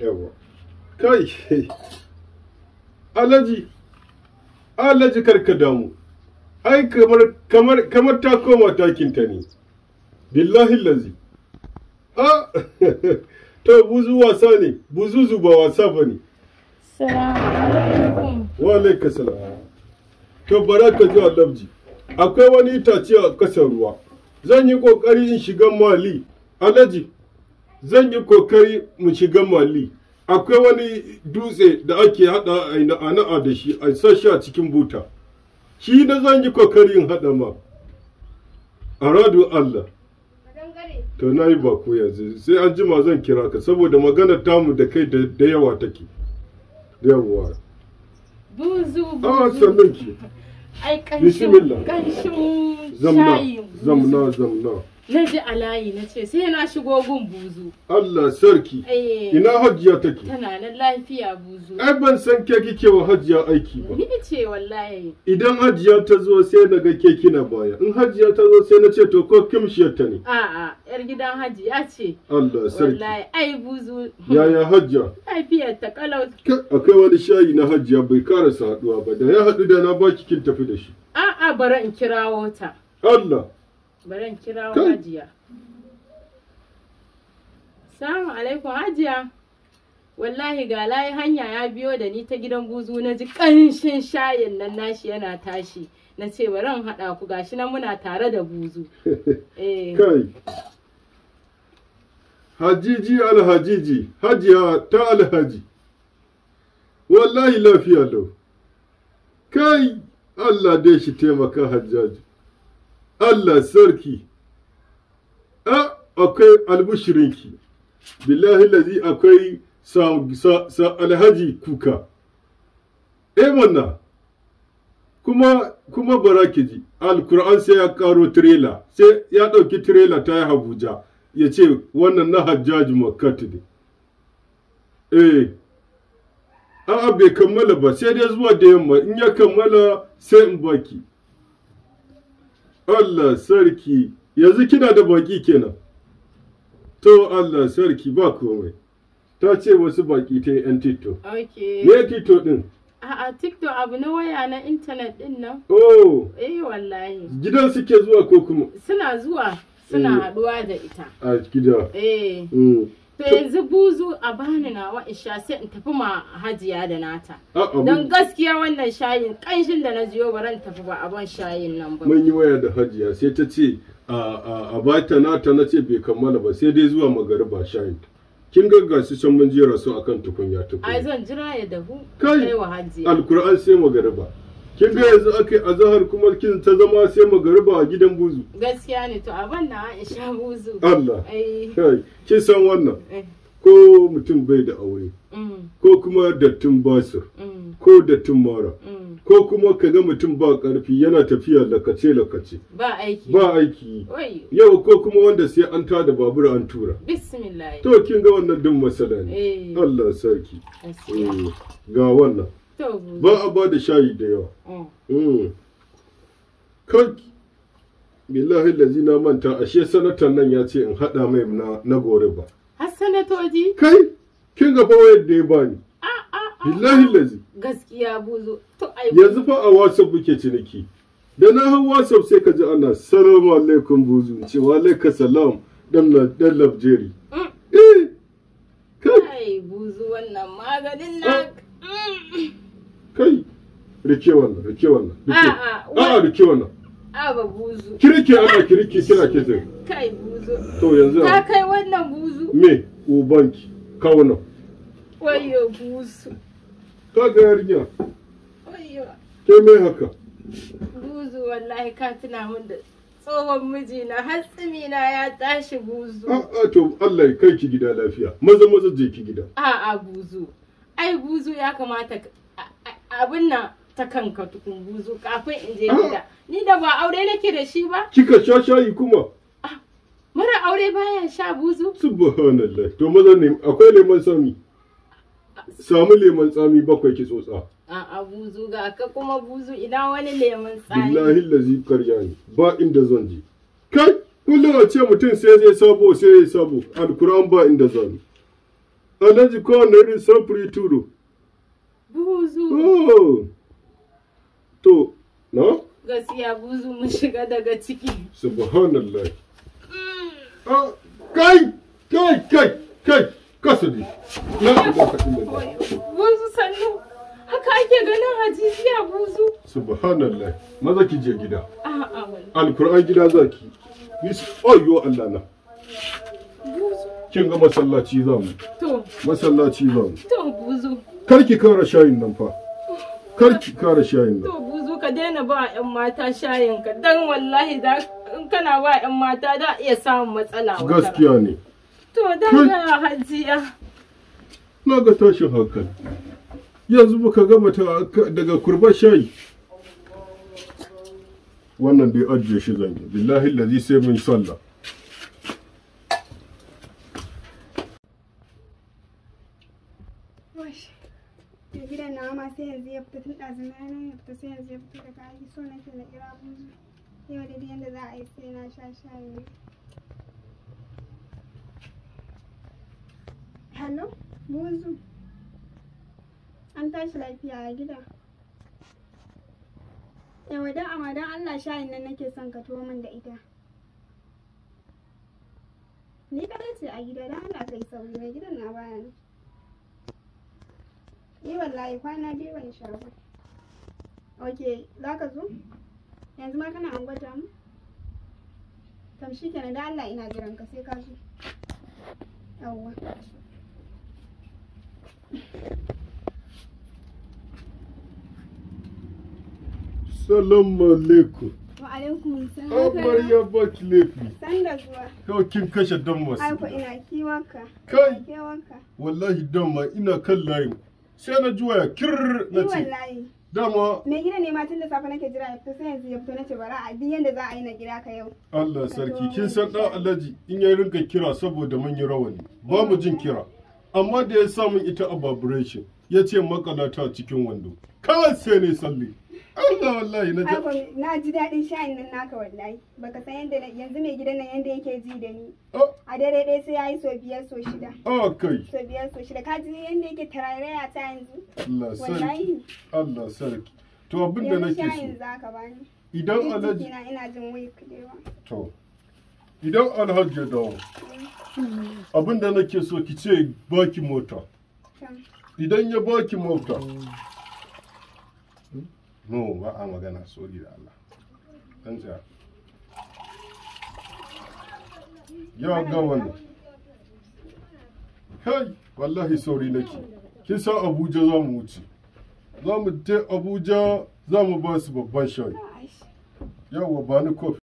yawa kai alaji alaji karka damu ai kamar kamar kamar ta koma takinta ne billahi lazi a to buzu wasa ne buzuzu ba wasa ba ne wa alaika salam to bara ka ji alabji akwai wani itace a ƙasar ruwa zan yi ƙoƙari in shiga mali alaji zan yi kokari mu shiga mali akwai wani dutse da ake hada na'a da shi a sashi a cikin buta shi da zan yi kokari in hada ma radu Allah to na yi ya yanzu sai an jima zan kira ka saboda magana tamu da kai da yawa take yawa buzu ah, buzu ai kanshi kanshi zamna zamna zamna na ji a layi na ce sai na shigo gun buzu. Allah sarki. Eh. Ina hajiya take? Tana nan lafiya buzu. Ai ban san ke kike wa hajiya aiki ba. Ni ce wallahi. Idan hajiya ta zo sai na ga ke kina baya. In hajiya ta zo sai na ce to ko kimshiyar ta ne. A'a yar gidan hajiya ce. Allah sarki. Wallahi ai buzu. Yaya hajiya? lafiya ta kalau. Akwai wani shayi na hajiya bai karasa haduwa ba da ya haɗu da na baki kin tafi da shi. A'a bara in kirawo ta. Allah. Baran kira hajiya. Salamu alaikum hajiya. Wallahi ga layi hanya ya biyo da ni ta gidan buzu na ji ƙanshin shayin nan nashi yana tashi. Na ce baran haɗa ku gashi nan muna tare da buzu. Eh. Kai. Hajiji alhajiji, hajiya ta alhaji. Wallahi lafiya lau. Kai Allah dai shi taimaka hajjaji. Allah sarki a akwai albushirinki billahi lazi akwai sa alhaji kuka e eh wannan kuma kuma baraki ji alkur'an sai ya karo tirela sai ya ɗauki tirela ta yi abuja ya ce wannan na hajjaji makkati ne eh a'a bai kammala ba sai dai zuwa da yamma in ya kammala sai in baki Allah sarki yanzu kina da baki kenan to Allah sarki ba komai ta ce wasu baki ta yan tito okay me tito din A'a tito. abu na waya na intanet din nan. Oh. Eh wallahi. Gidan suke zuwa ko kuma? Suna zuwa, suna mm. haɗuwa da ita. A gida. Eh. Mm. yanzu buzu a bani nawa in sha sai in tafi ma hajiya da nata ah, don gaskiya wannan shayin kanshin da na jiyo baran tafi ba abon shayin nan ba mun yi waya da hajiya sai ta ce a bata nata na ce bai kammala ba sai dai zuwa magariba shayin kin gagga su can mun jera su akan tukunya tukunya ai zan jira ya dahu kai wa hajiya alkur'an sai magariba kin ga yanzu ake a zahar kuma kin ta zama sai magariba a gidan buzu gaskiya ne to abin na a sha buzu Allah kai kin san wannan eh. ko mutum bai da aure mm. ko kuma dattin basir mm. ko dattin mara mm. ko kuma ka ga mutum ba karfi yana tafiya lakace lakace ba aiki ba aiki yau ko kuma wanda sai an tada babur an tura bismillah to kin ga wannan din masalan eh. Allah sarki eh, ga wannan ba a ba da shayi da yawa mm. mm. kan billahi lazi na manta ashe sanatar nan ya ce in haɗa mai na gore ba har sanatoji kai kin gaba wayar da ya bani billahi lazi gaskiya buzo to ai yanzu fa a whatsapp muke ciniki da na hau whatsapp sai ka ji ana salamu alaikum buzu ce wa alaika salam dan dan labjeri mm. eh kai buzu wannan maganin ah, na kai rike wannan rike wannan a'a rike wannan ba buzu. Kirki ana kirki kina kitin. Kai buzu. To yanzu. Ta kai wannan buzu. Me ubanki kauna. Wayo buzu. Ka ga yarinya. Wayo. Ke me haka? Buzu wallahi ka tuna min da tsohon mijina har tsimina ya tashi buzu. A'a to Allah ya kai ki gida lafiya. Maza maza je ki gida. A'a buzu. Ai buzu ya kamata abin nan ta kanka tukun buzu kafin in je ah. gida ni da ba aure nake da shi ba kika sha shayi kuma ah, mara aure baya sha buzu subhanallah to maza ne akwai leman sami samu leman tsami bakwai ki tsotsa a'a buzu ga ka kuma buzu ina wani leman tsami billahi lazi karya ne ba inda zan je kai kullum a ce mutum sai zai sabo sai ya sabo alkuran ba inda zan alhaji kowane irin samfuri turo buzu oh. to no gaskiya buzu mun shiga daga ciki subhanallah mm. kai kai kai kai kasani na ka buzu sannu haka ake ganin hajijiya buzu subhanallah maza ki je gida a'a alkur'an gida zaki bis ayyo Allah na kin ga masallaci zamu to masallaci zamu to buzu kar ki kara shayin nan fa kar ki kara shayin nan to buzu ka daina ba yan mata shayin ka dan wallahi da in kana ba yan mata da iya samun matsala gaskiya ne to dan ga hajiya na ga tashin hankali yanzu muka gama ta daga kurba shayi wannan bai ajiye shi zan yi billahi lazi sai mun sallah ɗazu na nan fita sai yanzu ya fito daga aiki so na ke na kira buzu yau da yadda za a yi sai na sha shayi hello buzu an tashi lafiya a gida yawa da amma Allah sha shayin nan nake son ka tuwo min da ita ni kada ce a gida dan Allah yi sauri mai gidan na baya Yi wallahi kwana biyu ban sha ba ok za ka zo yanzu ma kana an gwada mu tam shi kenan da Allah ina jiran ka sai ka zo yawwa alaikum. Wa alaikum salam. laifi. zuwa. Kawai kin kashe don masu. Ai ko ina kiwanka. Kai. Kiwanka. Wallahi don ma ina kan layin. Sai na juwaya kirr na ce. dama me gida ne ma tun da safe nake jira ya fito sai yanzu ya fito nace bara a duk yanda za a yi na gida ka yau Allah sarki kin san dan Alhaji in ya rinka kira saboda mun yi rawani ba mu jin kira amma da ya samu ita a vibration ya ce makalata cikin wando kawai sai ne salli Allah wallahi na na ji daɗin sha'in nan naka wallahi baka san yanda yanzu mai gidan nan yanda yake ji da ni oh. a dare dai sai yayi so biyar so shida okay oh, so biyar so shida ka ji yanda yake tararaya ta yanzu Allah sarki Allah sarki to abin da nake so sha'in zaka bani idan alhaji ina ina jin wai kudewa to idan alhaji ya dawo abin da nake so ki ce baki mota idan ya baki mota mm. no ba a magana sori da Allah dan ja yau ga wannan hey wallahi sori nake kin san Abuja za mu wuce za mu te Abuja za mu ba su babban shayi yau ba ni kofi